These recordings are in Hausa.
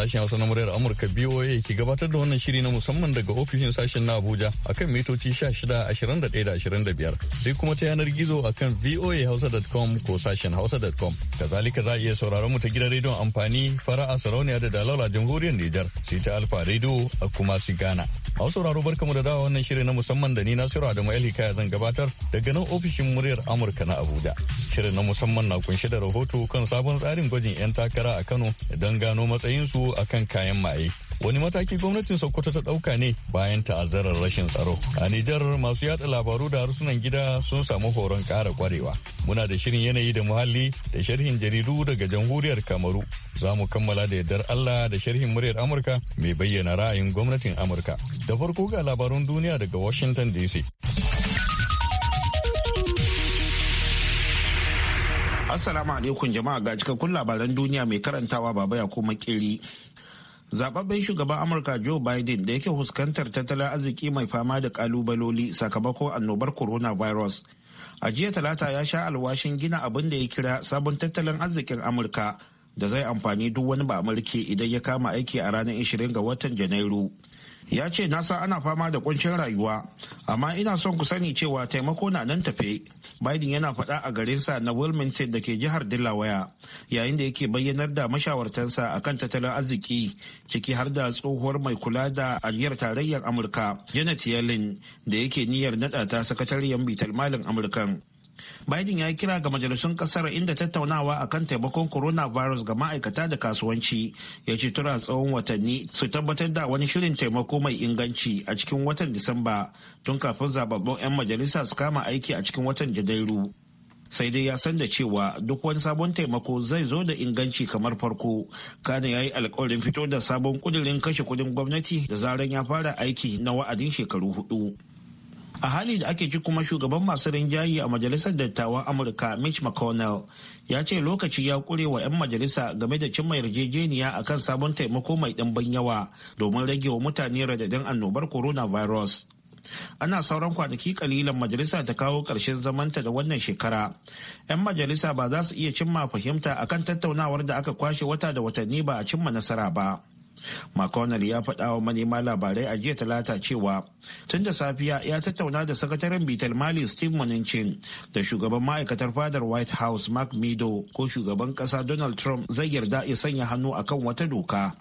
Sashen Hausa na muryar Amurka BOA ke gabatar da wannan shiri na musamman daga ofishin sashen na Abuja akan mitoci 16 da 25 sai kuma ta yanar gizo akan voahausa.com ko sashen hausa.com. Kazalika za a iya sauraron mu ta gidan rediyon amfani fara'a sarauniya da dalala jamhuriyar Nijar sai ta Alfa Radio a kuma Ghana. A wasu sauraro barkamu da dawa wannan shirin na musamman da ni Nasiru Adamu hikaya zan gabatar daga nan ofishin muryar Amurka na Abuja. Shirin na musamman na kunshe da rahoto kan sabon tsarin gwajin 'yan takara a Kano don gano matsayinsu akan kayan maye. wani mataki gwamnatin sokoto ta ɗauka ne bayan ta'azzarar rashin tsaro a nijar masu yada labaru da harsunan gida sun samu horon ƙara kwarewa muna da shirin yanayi da muhalli da sharhin jaridu daga jamhuriyar kamaru za mu kammala da yardar allah da sharhin muryar amurka mai bayyana ra'ayin gwamnatin amurka da farko ga labarun duniya daga washington dc Assalamu alaikum jama'a ga cikakkun labaran duniya mai karantawa baba ya kuma kiri. zababben shugaban amurka joe biden da yake fuskantar tattalin arziki mai fama da kalubaloli sakamakon annobar coronavirus a jiya talata ya sha alwashin gina abin da ya kira sabon tattalin arzikin amurka da zai amfani duk wani ba mulki idan ya kama aiki a ranar 20 ga watan janairu ya ce na sa ana fama da kuncin rayuwa amma ina son ku sani cewa taimako na nan tafe biden yana faɗa a garinsa na wilmington da ke jihar delaware yayin da yake bayyanar da mashawartansa akan tattalin arziki ciki har da tsohuwar mai kula da aliyar tarayyar amurka janet yellen da yake niyyar naɗa ta sakatariyar bitar amurkan Biden ya yi kira ga majalisun kasar inda tattaunawa a kan taimakon coronavirus ga ma'aikata da kasuwanci ya ce tura tsawon watanni su tabbatar da wani shirin taimako mai inganci a cikin watan Disamba tun kafin zababbun 'yan majalisa su kama aiki a cikin watan Janairu. Sai dai ya san da cewa duk wani sabon taimako zai zo da inganci kamar farko. Kana ya yi alkawarin fito da sabon kudirin kashe kudin gwamnati da zaran ya fara aiki na wa'adin shekaru hudu. a hali da ake ci kuma shugaban masu rinjaye a majalisar dattawan amurka mitch mcconnell ya ce lokaci ya kure wa 'yan majalisa game da cimma yarjejeniya a kan sabon taimako mai ɗimbin yawa domin rage wa mutane radadin annobar coronavirus ana sauran kwanaki kalilan majalisa ta kawo ƙarshen zamanta da wannan shekara 'yan majalisa ba za su iya cimma fahimta akan tattaunawar da aka kwashe wata da watanni ba a cimma nasara ba mcconnell ya faɗa wa manema labarai a jiya talata cewa tun da safiya ya tattauna da sakataren bitel mali steve mnuchin da shugaban ma'aikatar fadar white house mark meadow ko shugaban ƙasa donald trump zai yarda ya sanya hannu akan wata doka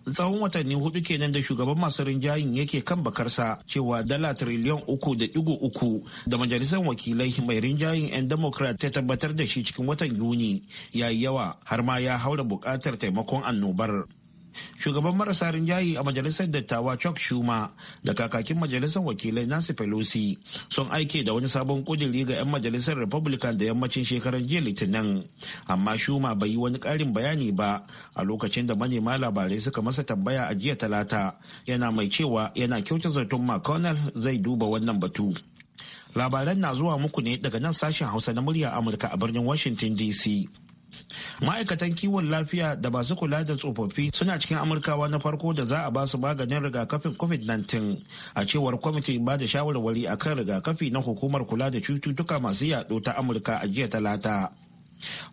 tsawon watanni hudu kenan da shugaban masu rinjayin yake kan bakarsa cewa dala triliyan uku da digo uku da majalisar wakilai mai rinjayin 'yan democrat ta tabbatar da shi cikin watan yuni ya yi yawa har ma ya haura bukatar taimakon annobar shugaban marasa rinjaye a majalisar dattawa chuck schumer da kakakin majalisar wakilai nancy pelosi sun aike da wani sabon kudiri ga 'yan majalisar republican da yammacin shekarar jiya litinin amma shuma bai yi wani karin bayani ba a lokacin da manema labarai suka masa tambaya a jiya talata yana mai cewa yana kyauta zaton mcconnell zai duba wannan batu labaran na zuwa muku ne daga nan sashen hausa na murya amurka a birnin washington dc ma'aikatan kiwon lafiya da masu kula da tsofaffi suna cikin amurkawa na farko da za a ba su maganin rigakafin covid-19 a cewar kwamitin ba da shawarwari akan rigakafi na hukumar kula da cututtuka masu yaɗo ta amurka a jiya talata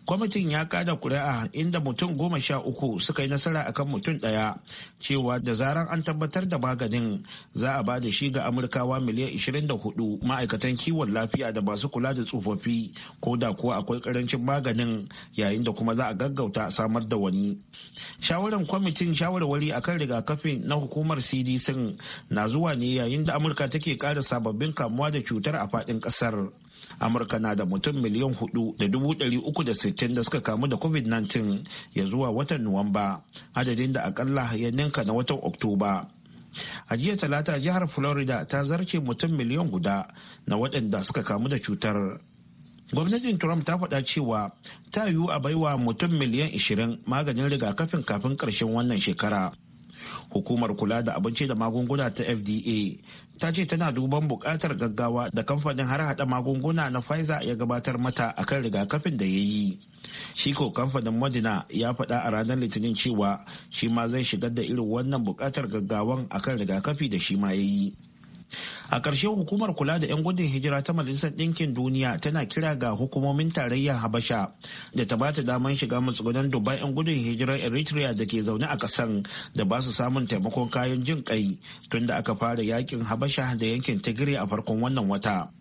kwamitin ya kada kuri'a inda mutum goma sha uku suka yi nasara akan mutum daya cewa da zaran an tabbatar da maganin za a ba da shi ga amurkawa miliyan 24 ma'aikatan kiwon lafiya da masu kula da tsofaffi ko da kuwa akwai karancin maganin yayin da kuma za a gaggauta samar da wani shawarar kwamitin shawarwari akan rigakafi na hukumar cdc na zuwa ne yayin da amurka take kara sababbin kamuwa da cutar a faɗin ƙasar. amurka na da mutum miliyan hudu da dubu dari uku da sittin da suka kamu da covid-19 ya zuwa watan nuwamba adadin da akalla ya ninka na watan oktoba a jiya talata jihar florida ta zarce mutum miliyan guda na waɗanda suka kamu da cutar gwamnatin trump ta faɗa cewa ta yiwu a baiwa mutum miliyan 20 maganin rigakafin kafin ƙarshen wannan shekara hukumar kula da abinci da magunguna ta fda ta ce tana duban bukatar gaggawa da kamfanin har hada magunguna na pfizer ya gabatar mata akan rigakafin da ya yi shi ko kamfanin madina ya faɗa a ranar litinin cewa shi ma zai shigar da irin wannan bukatar gaggawan akan rigakafi da shi ma ya yi a ƙarshe hukumar kula da 'yan gudun hijira ta majalisar ɗinkin duniya tana kira ga hukumomin tarayyar habasha da ta bata damar shiga matsugunan dubban 'yan gudun hijirar eritrea da ke zaune a ƙasan da ba su samun taimakon kayan jin kai tun da aka fara yakin habasha da yankin tigiri a farkon wannan wata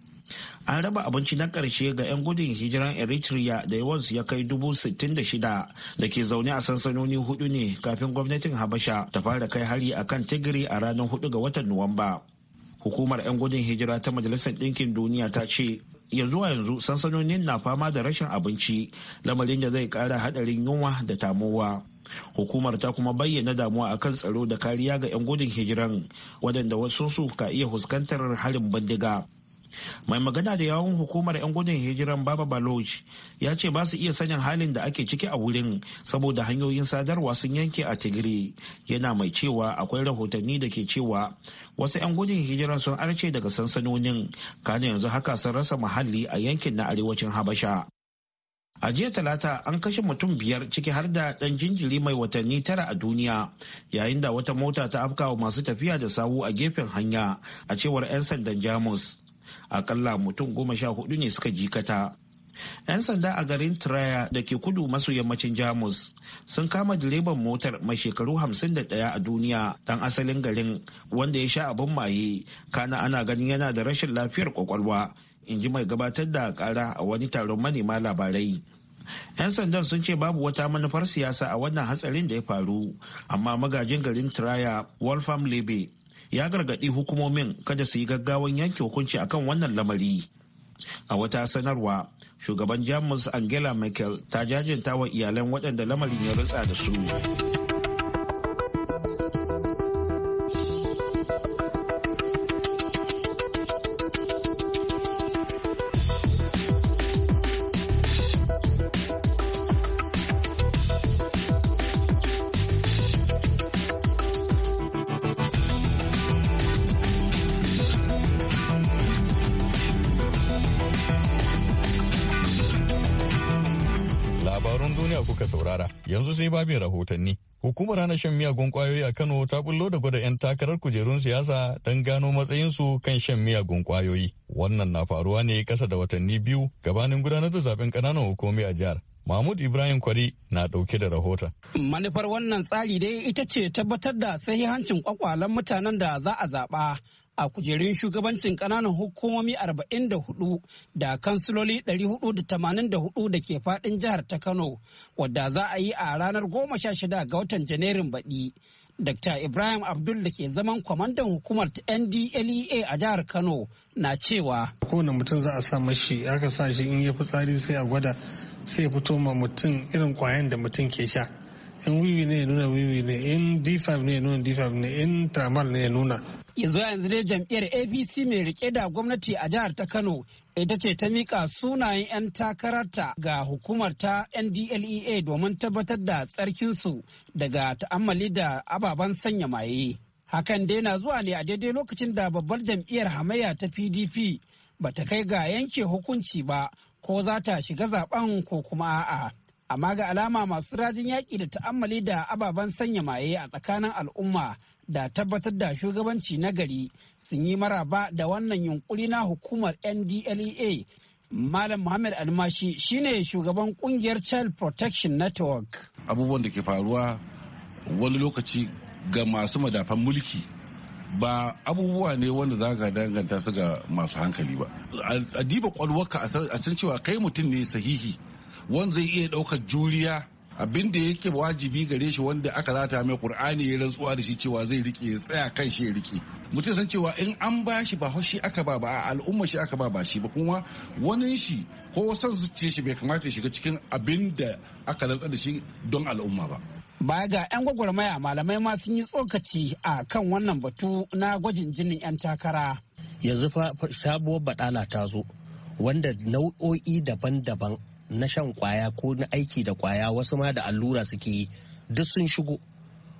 an raba abinci na ƙarshe ga 'yan gudun hijiran eritrea da yawansu ya kai dubu sittin da shida da ke zaune a sansanoni hudu ne kafin gwamnatin habasha ta fara kai hari a kan tigiri a ranar hudu ga watan nuwamba hukumar 'yan gudun hijira ta majalisar ɗinkin duniya ta ce ya zuwa yanzu sansanonin na fama da rashin abinci lamarin da zai kara hadarin yunwa da tamowa hukumar ta kuma bayyana damuwa akan tsaro da kariya ga 'yan gudun hijiran wadanda wasu su ka iya fuskantar harin bindiga mai magana da yawun hukumar 'yan gudun hijiran baba baloch ya ce ba su iya sanin halin da ake ciki a wurin saboda hanyoyin sadarwa sun yanke a tigiri yana mai cewa akwai rahotanni da ke cewa wasu 'yan gudun hijiran sun arce daga sansanonin kan yanzu haka sun rasa muhalli a yankin na arewacin habasha a jiya talata an kashe mutum biyar ciki har da dan jinjiri mai watanni tara a duniya yayin da wata mota ta afkawa masu tafiya da sawu a gefen hanya a cewar 'yan sandan jamus akalla mutum goma sha hudu ne suka jikata 'yan sanda a garin Traya da ke kudu maso yammacin Jamus sun kama direban motar mai shekaru hamsin da 51 a duniya dan asalin garin wanda ya sha abin maye kana ana ganin yana da rashin lafiyar kwakwalwa in ji mai gabatar da kara a wani taron manema labarai. 'yan sandan sun ce babu wata manufar siyasa a wannan hatsarin da ya faru amma magajin garin Traya Wolfram Lebe ya gargaɗi hukumomin kada su yi gaggawan yanke hukunci akan wannan lamari a wata sanarwa shugaban jamus angela merkel ta jajinta wa iyalan waɗanda lamarin ya rutsa da su babin rahotanni. Hukumar hana shan miyagun kwayoyi a Kano ta bullo da gwada 'yan takarar kujerun siyasa don gano matsayinsu kan shan miyagun kwayoyi. Wannan na faruwa ne kasa da watanni biyu gabanin gudanar da zaben ƙananan hukumi a jihar. Mahmud Ibrahim Kwari na ɗauke da rahoton. Manufar wannan tsari dai ita ce tabbatar da sahihancin kwakwalen mutanen da za a zaɓa a kujerun shugabancin kananan hukumomi 44 da kansiloli 484 da ke fadin jihar ta Kano wadda za a yi a ranar 16 ga watan Janairun baɗi. Dr. Ibrahim Abdul da ke zaman kwamandan hukumar NDLEA e a jihar Kano na cewa. Kowane mutum za a sa mashi aka sa shi in ya fitsari sai a gwada sai fito ma mutum irin kwayan da mutum ke sha. in wiwi ne ya nuna wiwi ne in d5 ne ya nuna d5 ne in tamal ne ya nuna yanzu yanzu dai jam'iyyar apc mai rike da gwamnati a jihar ta kano ita ce ta mika sunayen 'yan takararta ga hukumar ta ndlea domin tabbatar da tsarkinsu daga ta'ammali da ababen sanya maye hakan dai na zuwa ne a daidai lokacin da babbar jam'iyyar hamayya ta pdp ba ta kai ga yanke hukunci ba ko za ta shiga zaben ko kuma a'a. amma ga alama masu rajin yaƙi da ta'ammali da ababen sanya maye a tsakanin al'umma da tabbatar da shugabanci na gari sun yi maraba da wannan yunkuri na hukumar ndlea malam muhammad almashi shine shugaban kungiyar child protection network abubuwan da ke faruwa wani lokaci ga masu madafan mulki ba abubuwa ne wanda za ka danganta su ga masu hankali ba a diba kwalwarka a san cewa kai mutum ne sahihi wanda zai iya ɗaukar juriya abin da yake wajibi gare shi wanda aka rata mai qur'ani ya rantsuwa da shi cewa zai rike ya tsaya kan shi ya rike mutum san cewa in an ba shi ba shi aka ba ba al'umma shi aka ba ba shi ba kuma wani shi ko san zuciya shi bai kamata shiga cikin abin da aka rantsa da shi don al'umma ba baya ga 'yan gwagwarmaya malamai ma sun yi tsokaci a kan wannan batu na gwajin jinin 'yan takara yanzu fa sabuwar badala ta zo wanda nau'o'i daban-daban na shan kwaya ko na aiki da kwaya wasu ma da allura suke yi duk sun shigo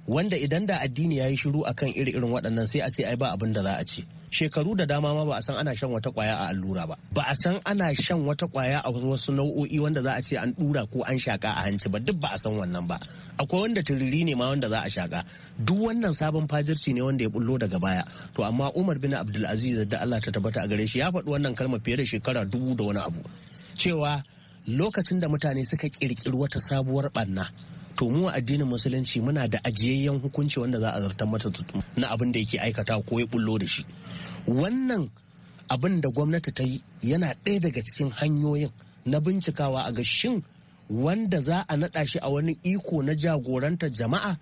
wanda idan da addini ya yi shiru akan iri irin waɗannan sai a ce ai ba abin da za a ce shekaru da dama ma ba a san ana shan wata kwaya a allura ba ba a san ana shan wata kwaya a wasu nau'o'i wanda za a ce an dura ko an shaka a hanci ba duk ba a san wannan ba akwai wanda tiriri ne ma wanda za a shaka duk wannan sabon fajirci ne wanda ya bullo daga baya to amma Umar bin Abdulaziz da Allah ta tabbata a gare shi ya faɗi wannan kalma fiye da shekara dubu da wani abu cewa lokacin da mutane suka kirkiri wata sabuwar ɓanna to mu addinin musulunci muna da ajiyayyen hukunci wanda za a zartar mata na abin da yake aikata ko ya bullo da shi wannan abin da gwamnati ta yi yana ɗaya daga cikin hanyoyin na bincikawa a ga shin wanda za a naɗa shi a wani iko na jagoranta jama'a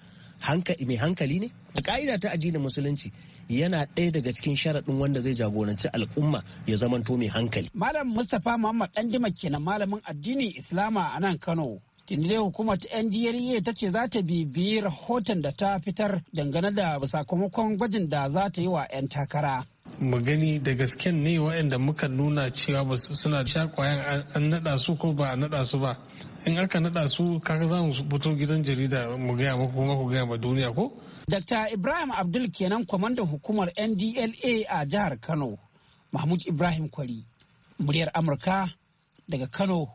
mai hankali ne da ka'ida ta addinin musulunci yana ɗaya daga cikin sharaɗin wanda zai jagoranci al'umma ya zamanto mai hankali malam mustapha muhammad ɗanjima kenan malamin addinin islama a nan kano Tindile hukumar ta NDRA e ta ce za ta bibiyi rahoton da ta fitar dangane da sakamakon gwajin da za ta yi wa 'yan takara. mu gani da gasken ne waɗanda muka nuna cewa ba suna sha kwayan an naɗa su ko ba a naɗa su ba in aka naɗa su kaga za mu fito gidan jarida mu gaya muku kuma ku gaya ma duniya ko. Dr. Ibrahim Abdul kenan kwamandan hukumar NDLA a jihar Kano Mahmud Ibrahim Kwari muryar Amurka daga Kano,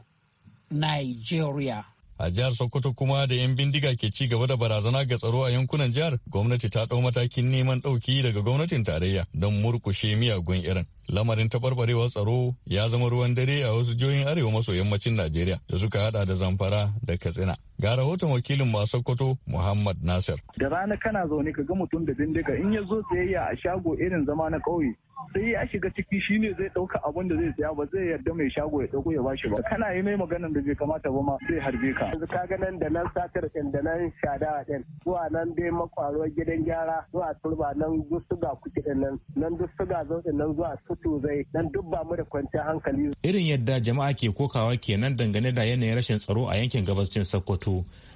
Nigeria. a jihar sokoto kuma da yan bindiga ke ci gaba da barazana ga tsaro a yankunan jihar gwamnati ta ɗau matakin neman ɗauki daga gwamnatin tarayya don murkushe miyagun irin lamarin taɓarɓarewar tsaro ya zama ruwan dare a wasu jihohin arewa maso yammacin najeriya da suka haɗa da zamfara da katsina Ga rahoton wakilin masu Sokoto Muhammad Nasir. Da rana kana zaune ka ga mutum da bindiga in ya zo tsayayya a shago irin zama na ƙauye sai ya shiga ciki shine zai ɗauka abin da zai saya ba zai yarda mai shago ya ɗauko ya bashi ba kana yi mai maganan da bai kamata ba ma zai harbe ka yanzu ka ga nan da nan satar ɗin da nan shada ɗin zuwa nan dai makwaro gidan gyara zuwa turba nan duk suga kuki ɗin nan nan duk suga zo nan zuwa sutu zai nan duk ba mu da kwanciyar hankali. irin yadda jama'a ke kokawa kenan dangane da yanayin rashin tsaro a yankin gabashin sokoto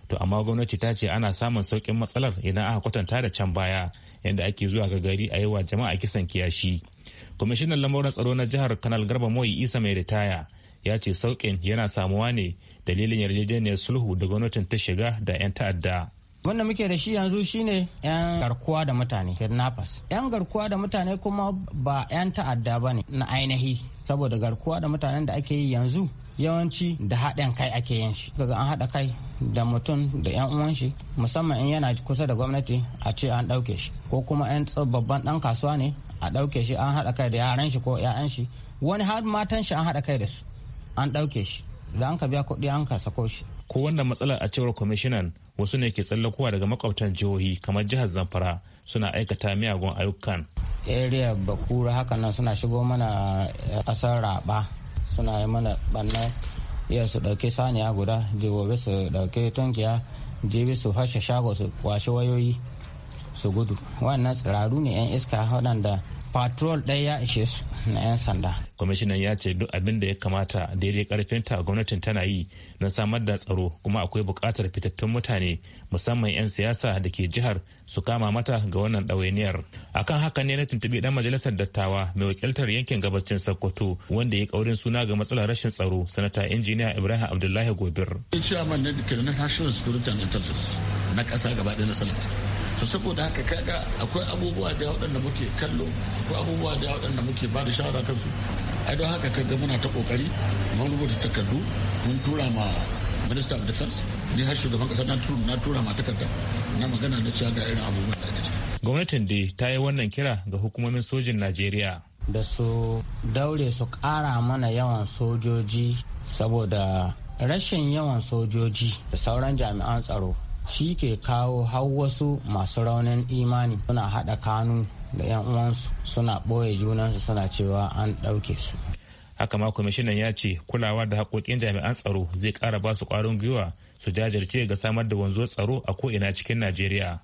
to amma gwamnati ta ce ana samun saukin matsalar idan aka kwatanta da can baya yadda ake zuwa ga gari a yi wa jama'a kisan kiyashi kwamishinan lamarin tsaro na jihar kanal garba moyi isa mai ritaya ya ce saukin yana samuwa ne dalilin yarjejeniyar sulhu da gwamnatin ta shiga da 'yan ta'adda wanda muke da shi yanzu shine yan garkuwa da mutane kidnappers yan garkuwa da mutane kuma ba yan ta'adda ba ne. na ainihi saboda garkuwa da mutanen da ake yi yanzu yawanci da haɗin kai ake yin shi kaga an haɗa kai da mutum da yan uwan shi musamman in yana kusa da gwamnati a ce an ɗauke shi ko kuma yan babban ɗan kasuwa ne a ɗauke shi an haɗa kai da yaran shi ko 'ya'yan shi wani har matan shi an haɗa kai da su an ɗauke shi da an ka biya kuɗi an ka sako shi ko wannan matsalar a cewar kwamishinan wasu ne ke tsallakowa daga makwabtan jihohi kamar jihar zamfara suna aikata miyagun ayyukan area bakura haka nan suna shigo mana kasar eh, raba suna yi mana banna iya su dauke saniya guda jibobi su dauke tunkiya jibi su hashe shago su kwashe wayoyi su gudu wannan tsiraru ne yan iska waɗanda patrol ɗaya ya ishe su na 'yan sanda. kwamishinan ya ce duk abin da ya kamata daidai karfinta gwamnatin tana yi don samar da tsaro kuma akwai buƙatar fitattun mutane musamman 'yan siyasa da ke jihar su kama mata ga wannan ɗawainiyar akan haka ne na tuntuɓi ɗan majalisar dattawa mai wakiltar yankin gabashin sokoto wanda ya ƙaurin suna ga matsalar rashin tsaro sanata injiniya ibrahim abdullahi gobir. chairman da national security and intelligence na ƙasa gaba ɗaya na to saboda haka kaga akwai abubuwa da waɗanda muke kallo akwai abubuwa da waɗanda muke ba da shawara su ai don haka kaga muna ta kokari mun rubuta takardu mun tura ma minister of defense ni har shugaban kasa na tura na tura ma takarda na magana na cewa ga irin abubuwan da ake ciki gwamnatin dai ta yi wannan kira ga hukumomin sojin najeriya da su daure su ƙara mana yawan sojoji saboda rashin yawan sojoji da sauran jami'an tsaro shi ke kawo har wasu masu raunin imani suna haɗa kanu da 'yan uwansu suna ɓoye junansu suna cewa an ɗauke su haka ma kwamishinan ya ce kulawa da haƙoƙin jami'an tsaro zai ƙara ba su ƙwarin gwiwa su jajirce ga samar da wanzuwar tsaro a ko'ina cikin najeriya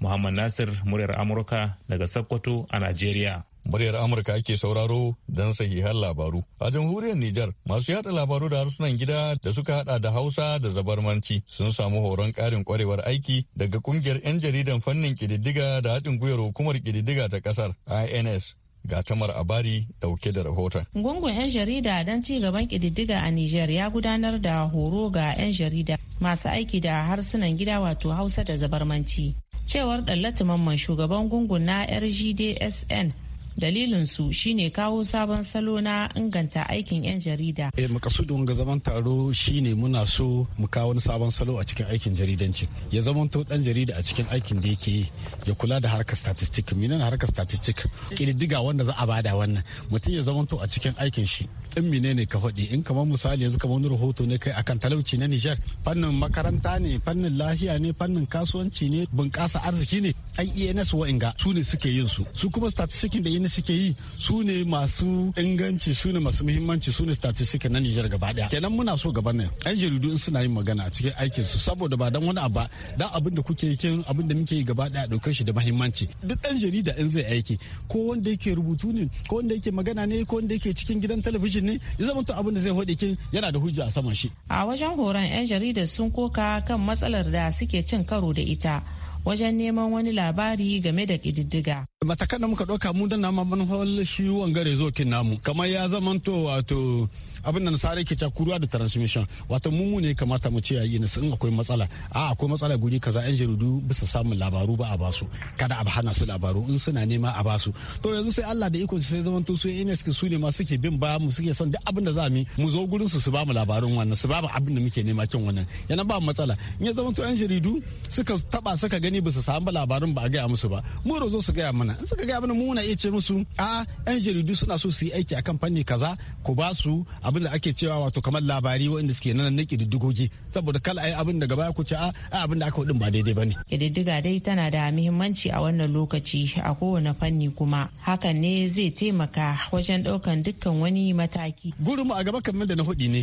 muhammad nasir muryar amurka daga sokoto a najeriya muryar Amurka ake sauraro don sahihan labaru. A jamhuriyar Nijar, masu yada labaru da harsunan gida da suka hada da Hausa da Zabarmanci sun samu horon karin kwarewar aiki daga kungiyar 'yan jaridan fannin kididdiga da haɗin gwiwar hukumar kididdiga ta ƙasar INS. ga tamar abari dauke da rahoton. Gungun 'yan jarida don ci gaban kididdiga a Nijar ya gudanar da horo ga 'yan jarida masu aiki da harsunan gida wato Hausa da Zabarmanci. Cewar Dallatu Mamman shugaban gungun na RGDSN dalilinsu shine kawo sabon salo na inganta aikin 'yan jarida. E, makasudin ga zaman taro shine muna so mu kawo wani sabon salo a cikin aikin jaridanci. Ya to dan jarida a cikin aikin da yake ya kula da harkar statistik. Minan harkar statistik kididdiga wanda za a bada wannan. Mutum ya zamanto a cikin aikin shi. In menene ka faɗi in kamar misali yanzu kamar wani rahoto ne kai akan talauci na Nijar. Fannin makaranta ne, fannin lahiya ne, fannin kasuwanci ne, bunƙasa arziki ne. IENS wa'inga su ne suke yin su su kuma statistics da yini suke yi su ne masu inganci su ne masu muhimmanci su ne statistics na Nijar gaba daya kenan muna so gaban nan yan jaridu in suna yin magana a cikin aikin su saboda ba dan wani abu da abin da kuke yin abin da muke yi gaba daya daukar shi da muhimmanci duk dan jarida in zai aiki ko wanda yake rubutu ne ko wanda yake magana ne ko wanda yake cikin gidan talabijin ne ya zama to abin da zai hode kin yana da hujja a saman shi a wajen horon yan jarida sun koka kan matsalar da suke cin karo da ita wajen neman wani labari game da kididdiga. matakan da muka ɗauka mu dan nama manhol shi wangare zokin namu kamar ya to wato abin da nasara ke cakuruwa da transmission wato mu ne kamata mu ce yayi na sun akwai matsala a akwai matsala guri kaza yan jaridu bisa samun labaru ba a basu kada a hana su labaru in suna nema a basu to yanzu sai Allah da ikon sai zaman su su ne ma suke bin ba mu suke son duk abin da za mu mu zo gurin su su ba mu labarin wannan su ba mu abin da muke nema kin wannan yana ba matsala in ya zaman to yan jaridu suka taba suka gani ba su samu labarin ba a gaya musu ba mu da su gaya mana in suka gaya mana mu na iya ce musu a yan jaridu suna so su yi aiki akan fanni kaza ku ba su abin da ake cewa wato kamar labari wanda suke nan na kididdigogi saboda kala ai abin da gaba ku ce a abin da aka hudin ba daidai bane kididdiga dai tana da muhimmanci a wannan lokaci a kowane fanni kuma hakan ne zai taimaka wajen daukan dukkan wani mataki gurin mu a gaba kamar da na hudi ne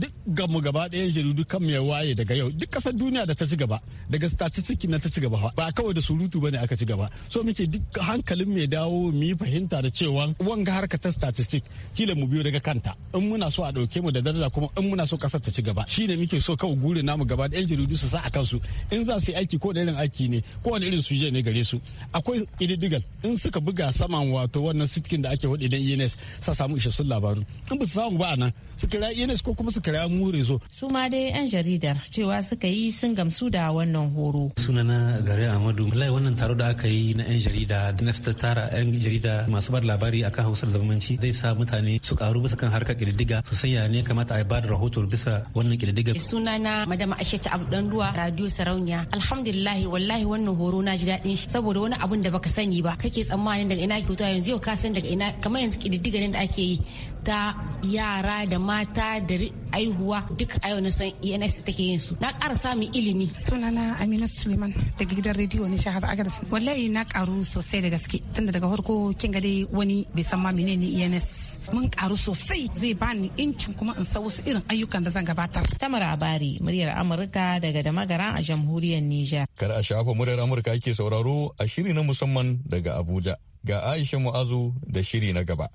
duk mu gaba ɗayan jaridu kan mai waye daga yau duk ƙasar duniya da ta ci gaba daga statistics na ta ci ci gaba ba kawai da surutu bane aka ci gaba so muke duk hankalin mai dawo mu yi fahimta da cewa wanga harka ta statistic kila mu biyo daga kanta in muna so a dauke mu da daraja kuma in muna so kasar ta ci gaba shine muke so kawai gure namu gaba da yan jaridu su sa a kansu in za su yi aiki ko da irin aiki ne ko wani irin suje ne gare su akwai ididdigal in suka buga saman wato wannan sitkin da ake wadi dan ENS sa samu isassun labaru in ba su samu ba a nan su kira ins ko kuma su kira mu rezo su ma dai yan jaridar cewa suka yi sun gamsu da wannan horo sunana gare amadu wallahi wannan taro da aka yi na yan jarida na tara yan jarida masu ba labari akan hausar zamanci zai sa mutane su karu bisa kan harkar kididdiga su san ne kamata a ba da rahoto bisa wannan kididdiga sunana madama ashita abdan ruwa radio sarauniya alhamdulillahi wallahi wannan horo na ji daɗin shi saboda wani abun da baka sani ba kake tsammanin daga ina kyauta yanzu yau ka san daga ina kamar yanzu kididdiga da ake yi ta yara da mata da aihuwa duk a yau na san ENS take yin su. Na ƙara samun ilimi. Sunana Amina Suleiman daga gidan rediyo na shahar Agadez. Wallahi na karu sosai da gaske tunda daga farko kin ga dai wani bai san ma menene ENS. Mun karu sosai zai bani incin kuma in san wasu irin ayyukan da zan gabatar. Tamara Abari muryar Amurka daga magara a jamhuriyar Nijar. Kar a shafa muryar Amurka ake sauraro a shiri na musamman daga Abuja. Ga Aisha Mu'azu da shiri na gaba.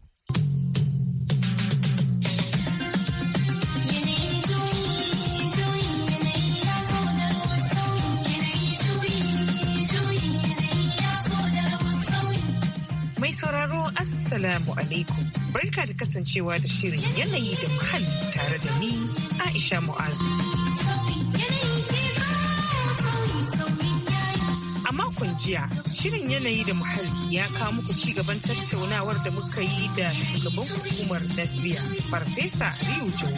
Assalamu alaikum. Barka da kasancewa da shirin yanayi da muhalli tare da ni Aisha Mu'azu. A makon jiya, shirin yanayi da muhalli ya kawo muku ci gaban tattaunawar da muka yi da shugaban hukumar Latvia Farfesa Riu Jowo.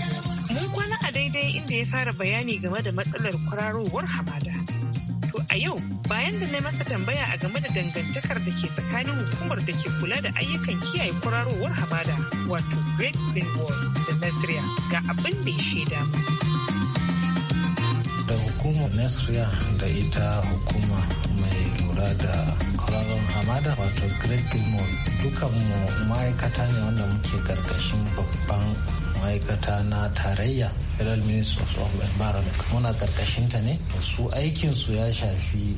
Mun kwana a daidai inda ya fara bayani game da matsalar kwararowar hamada. To a yau bayan da na masa tambaya a game da dangantakar da ke tsakanin hukumar da ke kula da ayyukan kiyaye kwararowar hamada wato Great Green Wall da Nasiriya ga abin da ya shaida da hukumar Nasiriya da ita hukuma mai lura da kwararon hamada wato Great Green Wall dukanmu ma'aikata ne wanda muke gargashin babban ma'aikata na tarayya federal ministry of environment muna karkashin ta ne su aikinsu ya shafi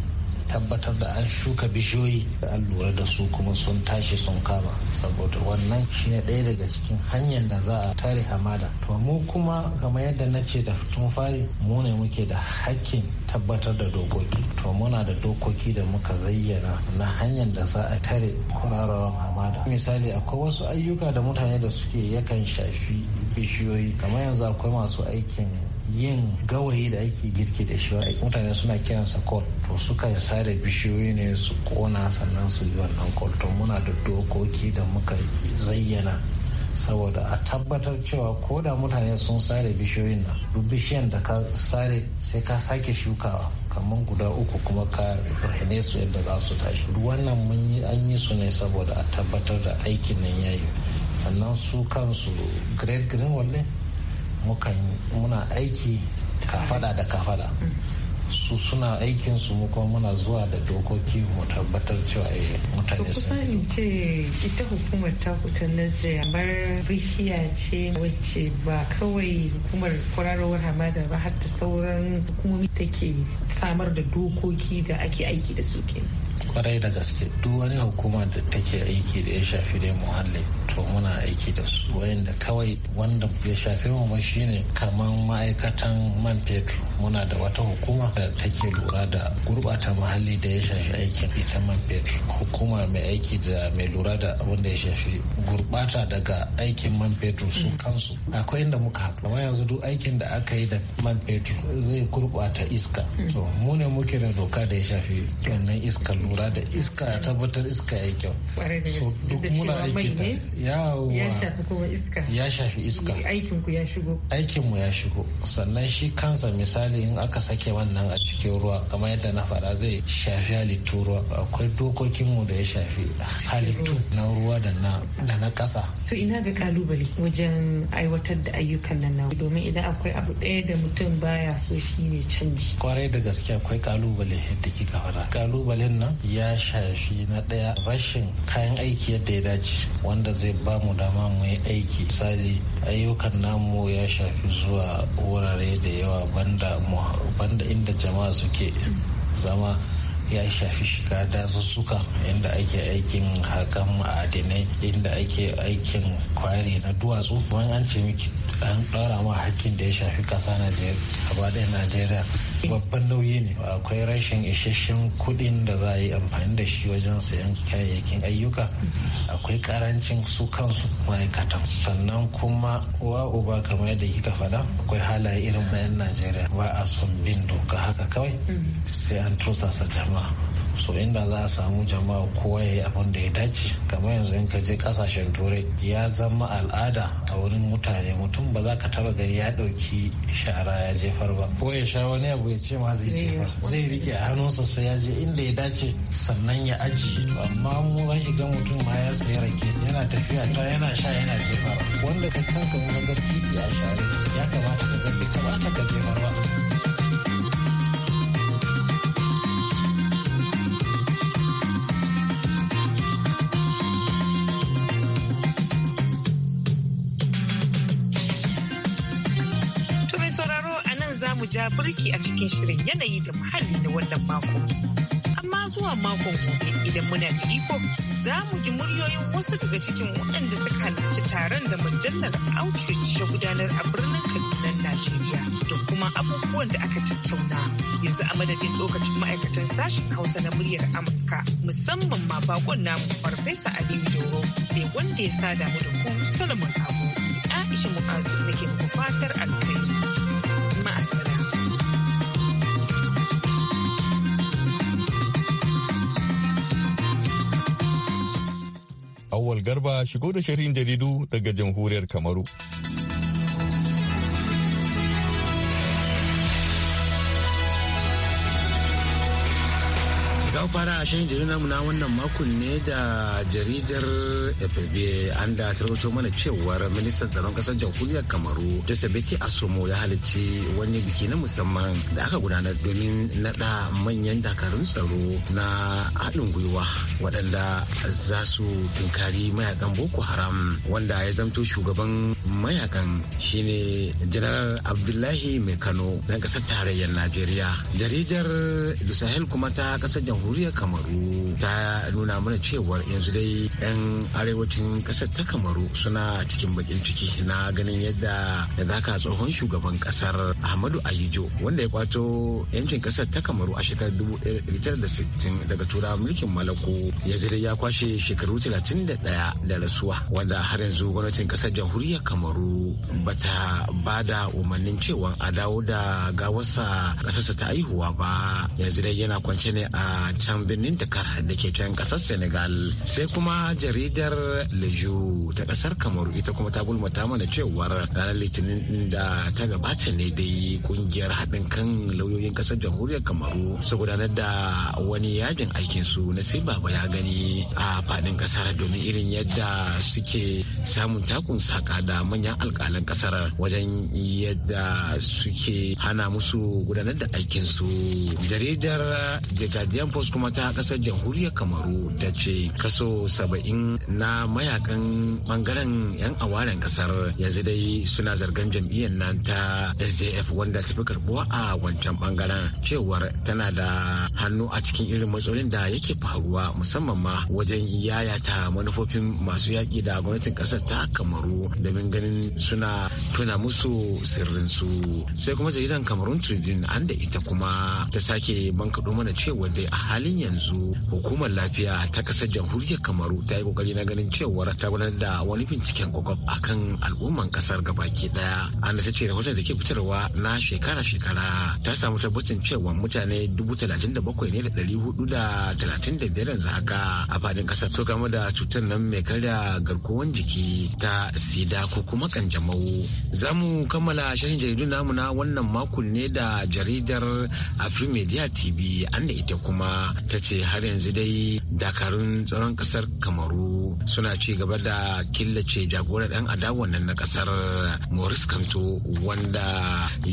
tabbatar da an shuka bishiyoyi da an lura da su kuma sun tashi sun kama saboda wannan shine ɗaya daga cikin hanyar da za a tare hamada to mu kuma kamar yadda na ce da tun fari mu ne muke da hakkin tabbatar da dokoki to muna da dokoki da muka zayyana na hanyar da za a tare kwararrawan hamada misali akwai wasu ayyuka da mutane da suke yakan shafi bishiyoyi kamar yanzu akwai masu aikin yin gawayi da ake girki da shi mutane suna kiransa kol to suka sare bishiyoyi ne su kona sannan su yi wannan kol to muna da dokoki da muka zayyana saboda a tabbatar cewa ko da mutane sun sare bishiyoyin nan duk bishiyan da ka sare sai ka sake shukawa kamar guda uku kuma ka rahine su yadda za su tashi duk wannan mun yi an yi su ne saboda a tabbatar da aikin nan yayi sannan su kansu great green ne mukan muna aiki kafada da kafada su suna aikin su kuma muna zuwa da dokoki mu tabbatar cewa eh, mutane su kusan in ce ita hukumar ta ta Najeriya bar bishiya ce wacce ba kawai hukumar kwararowar hamada ba har da sauran hukumomi take samar da dokoki da ake aiki da su ke. kwarai da gaske duk wani hukuma da take aiki da ya shafi da muhalli to muna aiki da su wayanda kawai wanda ya shafe mu ba shine kaman ma'aikatan man fetur muna da wata hukuma da take lura da gurbata muhalli da ya shafi aikin ita man fetur hukuma mai aiki da mai lura da abin ya shafi gurbata daga aikin man fetur su kansu akwai inda muka haɗu amma yanzu duk aikin da aka yi da man fetur zai gurbata iska to mu ne muke da doka da ya shafi wannan iska lura da iska tabbatar iska ya kyau so duk muna aiki ya shafi iska ya shafi iska aikin mu ya shigo sannan shi kansa misali in aka sake wannan a cikin ruwa kamar yadda na faɗa zai shafi halittu ruwa akwai dokokin mu da ya shafi halittu na ruwa da na ƙasa to ina ga kalubale wajen aiwatar da ayyukan nan nawa domin idan akwai abu ɗaya da mutum baya so shi ne canji kwarai da gaske akwai kalubale da kika faɗa kalubalen nan ya shafi na ɗaya rashin kayan aiki yadda ya dace wanda zai ba mu dama mu yi aiki misali ayyukan namu ya shafi zuwa wurare da yawa banda banda inda jama'a suke zama ya shafi shiga dazuzzuka inda ake aikin hakan ma'adinai inda ake aikin kwari na duwatsu wani an ce miki an ɗora ma hakkin da ya shafi ƙasa gaba ɗaya najeriya babban nauyi ne akwai rashin isasshen kuɗin da za a yi amfani da shi wajen sayan kayayyakin ayyuka akwai karancin su kansu ma'aikatan sannan kuma wa uba kamar yadda kika faɗa akwai halaye irin na 'yan najeriya ba a son bin doka haka kawai mm. sai an tursasa jama'a so inda za a samu jama'a kowa ya yi abin da ya dace kamar yanzu in ka je kasashen turai ya zama al'ada a wurin mutane mutum ba za ka taba gari ya ɗauki shara ya jefar ba ko ya sha wani abu ya ce ma zai jefar zai rike a hannunsa sai ya je inda ya dace sannan ya aji amma mu za ki ga mutum ma ya sayi rake yana tafiya ta yana sha yana jefar wanda ka kanka mu titi a share ya kamata ka ga bai ka jefar ba burki a cikin shirin yanayi da muhalli na wannan mako. Amma zuwa makon gobe idan muna da iko za mu ji muryoyin wasu daga cikin waɗanda suka halarci taron da mujallar Outreach ta gudanar a birnin Kaduna, Najeriya da kuma abubuwan da aka tattauna. Yanzu a madadin lokacin ma'aikatan sashen Hausa na muryar Amurka musamman ma bakon namu Farfesa Aliyu Doro sai wanda ya sada mu da ku Solomon Abu. Aisha Mu'azu ke fatar alkhairi. Garba shigo da shirin jaridu daga jamhuriyar Kamaru. Za mu fara shan jirgin na wannan makon ne da jaridar FB an da tarwato mana cewar ministan tsaron kasar jamhuriyar Kamaru da Sabiti Asomo ya halarci wani biki na musamman da aka gudanar domin nada manyan dakarun tsaro na haɗin gwiwa waɗanda za su tunkari mayakan Boko Haram wanda ya zamto shugaban mayakan shine Janar Abdullahi Mai Kano na kasar tarayyar Najeriya. Jaridar Dusahel kuma ta kasar jamhuriyar jamhuriyar kamaru ta nuna mana cewar yanzu dai 'yan arewacin kasar ta kamaru suna cikin bakin ciki na ganin yadda da zaka tsohon shugaban kasar ahmadu ayijo wanda ya kwato yancin kasar ta kamaru a shekarar 1960 daga tura mulkin malako ya zira ya kwashe shekaru 31 da rasuwa wanda har yanzu gwamnatin kasar jamhuriyar kamaru bata ba da umarnin cewa a dawo da gawarsa ƙasarsa ta aihuwa ba yanzu dai yana kwance ne a can birnin Dakar da ke can kasar Senegal. Sai kuma jaridar Leju ta kasar Kamaru ita kuma ta gulmata mana cewar ranar Litinin da ta gabata ne dai kungiyar haɗin kan lauyoyin kasar jamhuriyar Kamaru su gudanar da wani yajin aikin su na sai baba ya gani a faɗin kasar domin irin yadda suke samun takun saka da manyan alƙalan kasar wajen yadda suke hana musu gudanar da aikin su. Jaridar The coast kuma ta kasar jamhuriyar kamaru ta ce kaso saba'in na mayakan bangaren yan awaren kasar yanzu dai suna zargan jam'iyyar nan ta sjf wanda ta fi karbuwa a wancan bangaren cewar tana da hannu a cikin irin matsalolin da yake faruwa musamman ma wajen yayata manufofin masu yaƙi da gwamnatin kasar ta kamaru domin ganin suna tuna musu sirrin su sai kuma jaridan kamarun tribune an da ita kuma ta sake bankaɗo mana cewar dai a halin yanzu hukumar lafiya ta kasar jamhuriyar kamaru ta yi kokari na ganin cewa ta gudanar da wani binciken kwakwaf akan al'umman kasar gabaki daya ana ta ce rahoton da ke fitarwa na shekara-shekara ta samu tabbacin cewa mutane dubu talatin da bakwai ne da dari hudu da talatin da biyar yanzu haka a fadin kasar to game da cutar nan mai karya garkuwan jiki ta sida ko kuma kanjamau za mu kammala shirin jaridu namu na wannan makon ne da jaridar afrimedia tv an da ita kuma ta ce har yanzu dai dakarun tsaron kasar kamaru suna ci gaba da killace jagorar dan adawan wannan na kasar morris kanto wanda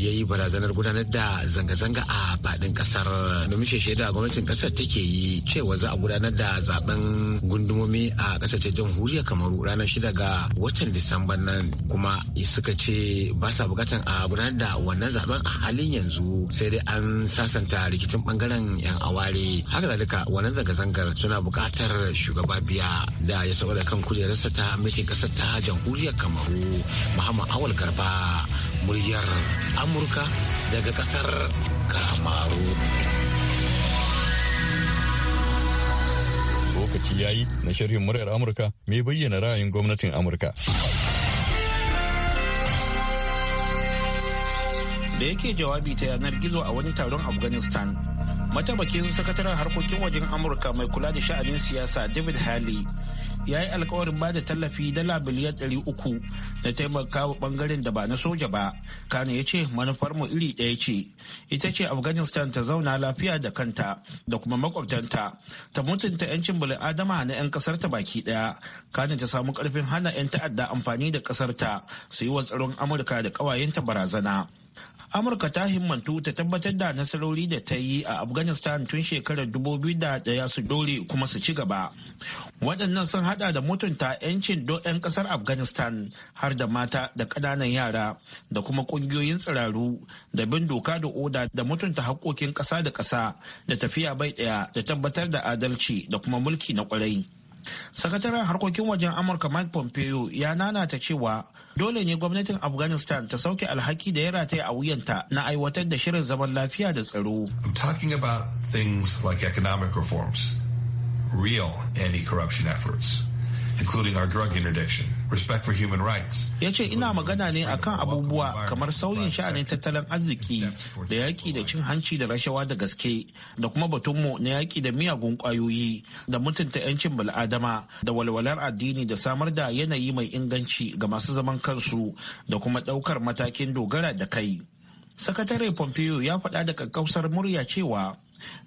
ya yi barazanar gudanar da zanga-zanga a faɗin kasar domin shaida gwamnatin kasar take yi cewa za a gudanar da zaben gundumomi a kasar ta jamhuriyar kamaru ranar shida ga watan disamba nan kuma suka ce ba sa bukatan a gudanar da wannan zaben a halin yanzu sai dai an sasanta rikicin bangaren yan aware yi haka zalika wannan zanga-zangar suna buƙatar shugaba biya da ya saboda kan kujerarsa ta mulkin kasar ta jamhuriyar kamaru muhammad awal garba muryar amurka daga ƙasar kamaru lokaci yayi na shirin muryar amurka mai bayyana ra'ayin gwamnatin amurka da yake jawabi ta yanar gizo a wani taron afghanistan mataimakin sakataren harkokin wajen amurka mai kula da sha'anin siyasa david haley ya yi alkawarin ba da tallafi dala biliyan uku da taimaka wa bangaren da ba na soja ba kane ya ce manufarmu iri ɗaya ce ita ce afghanistan ta zauna lafiya da kanta da kuma makwabtanta ta mutunta 'yancin bil'adama na 'yan kasar ta baki ɗaya kane ta samu karfin hana 'yan ta'adda amfani da kasar ta su yi wa tsaron amurka da ƙawayenta barazana amurka ta himmantu ta tabbatar da nasarori da ta yi a afghanistan tun shekarar 2001 su dore kuma su ci gaba waɗannan sun hada da mutunta 'yancin don 'yan ƙasar afghanistan har da mata da ƙananan yara da kuma ƙungiyoyin tsiraru da bin doka da oda da mutunta haƙƙoƙin ƙasa da ƙasa da tafiya bai ɗaya da tabbatar da adalci da kuma mulki na ƙwarai sakataren harkokin wajen amurka mike pompeo ya nanata cewa dole ne gwamnatin afghanistan ta sauke alhaki da ya rataya a wuyanta na aiwatar da shirin zaman lafiya da tsaro i'm talking about things like economic reforms real anti-corruption efforts including our drug interdiction, human rights. Ya ce ina magana ne akan abubuwa kamar sauyin sha'anin tattalin arziki da yaƙi da cin hanci da rashawa da gaske da kuma batunmu na yaƙi da miyagun ƙwayoyi da mutunta 'yancin bal'adama da walwalar addini da samar da yanayi mai inganci ga masu zaman kansu da kuma ɗaukar matakin dogara da kai. Sakatare Pompeo ya faɗa da kakkausar murya cewa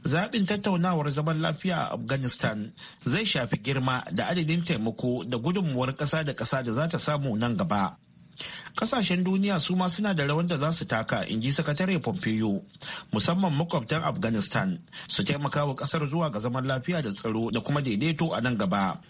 zaɓin tattaunawar zaman lafiya a afghanistan zai shafi girma da adadin taimako da gudunmuwar ƙasa da ƙasa da za ta samu nan gaba kasashen duniya su ma suna da rawan da za su taka in ji sakatare pompeo musamman makwabtan afghanistan su taimaka wa ƙasar zuwa ga zaman lafiya da tsaro da kuma daidaito a nan gaba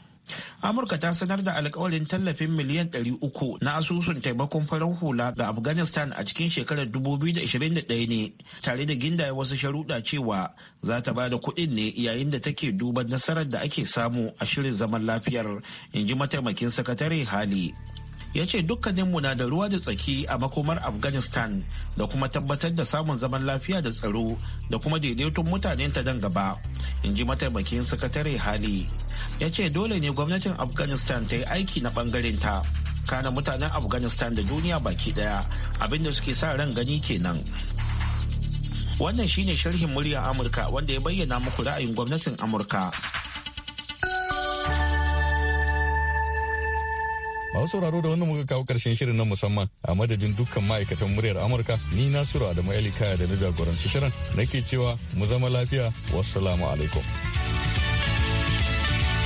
amurka ta sanar da alkawarin tallafin miliyan 300 na asusun taimakon farin hula ga afghanistan a cikin shekarar 2021 ne tare da gindaya wasu sharuɗa cewa za ta ba da kuɗin ne yayin da take duban nasarar da ake samu a shirin zaman lafiyar in ji mataimakin sakatare hali ya ce dukkaninmu na da ruwa da tsaki a makomar afghanistan da kuma tabbatar da samun zaman lafiya da tsaro da kuma daidaiton mutanen ta dan gaba in ji mataimakin sakatare hali ya ce dole ne gwamnatin afghanistan ta yi aiki na ta. kana mutanen afghanistan da duniya baki daya abinda suke sa ran gani kenan wannan shine sharhin murya amurka wanda ya bayyana muku ra'ayin gwamnatin amurka wasu sauraro da wannan muka kawo karshen shirin na musamman a madadin dukkan ma'aikatan muryar amurka ni nasiru adamu ali kaya da na jagoranci shirin nake cewa mu zama lafiya wassalamu alaikum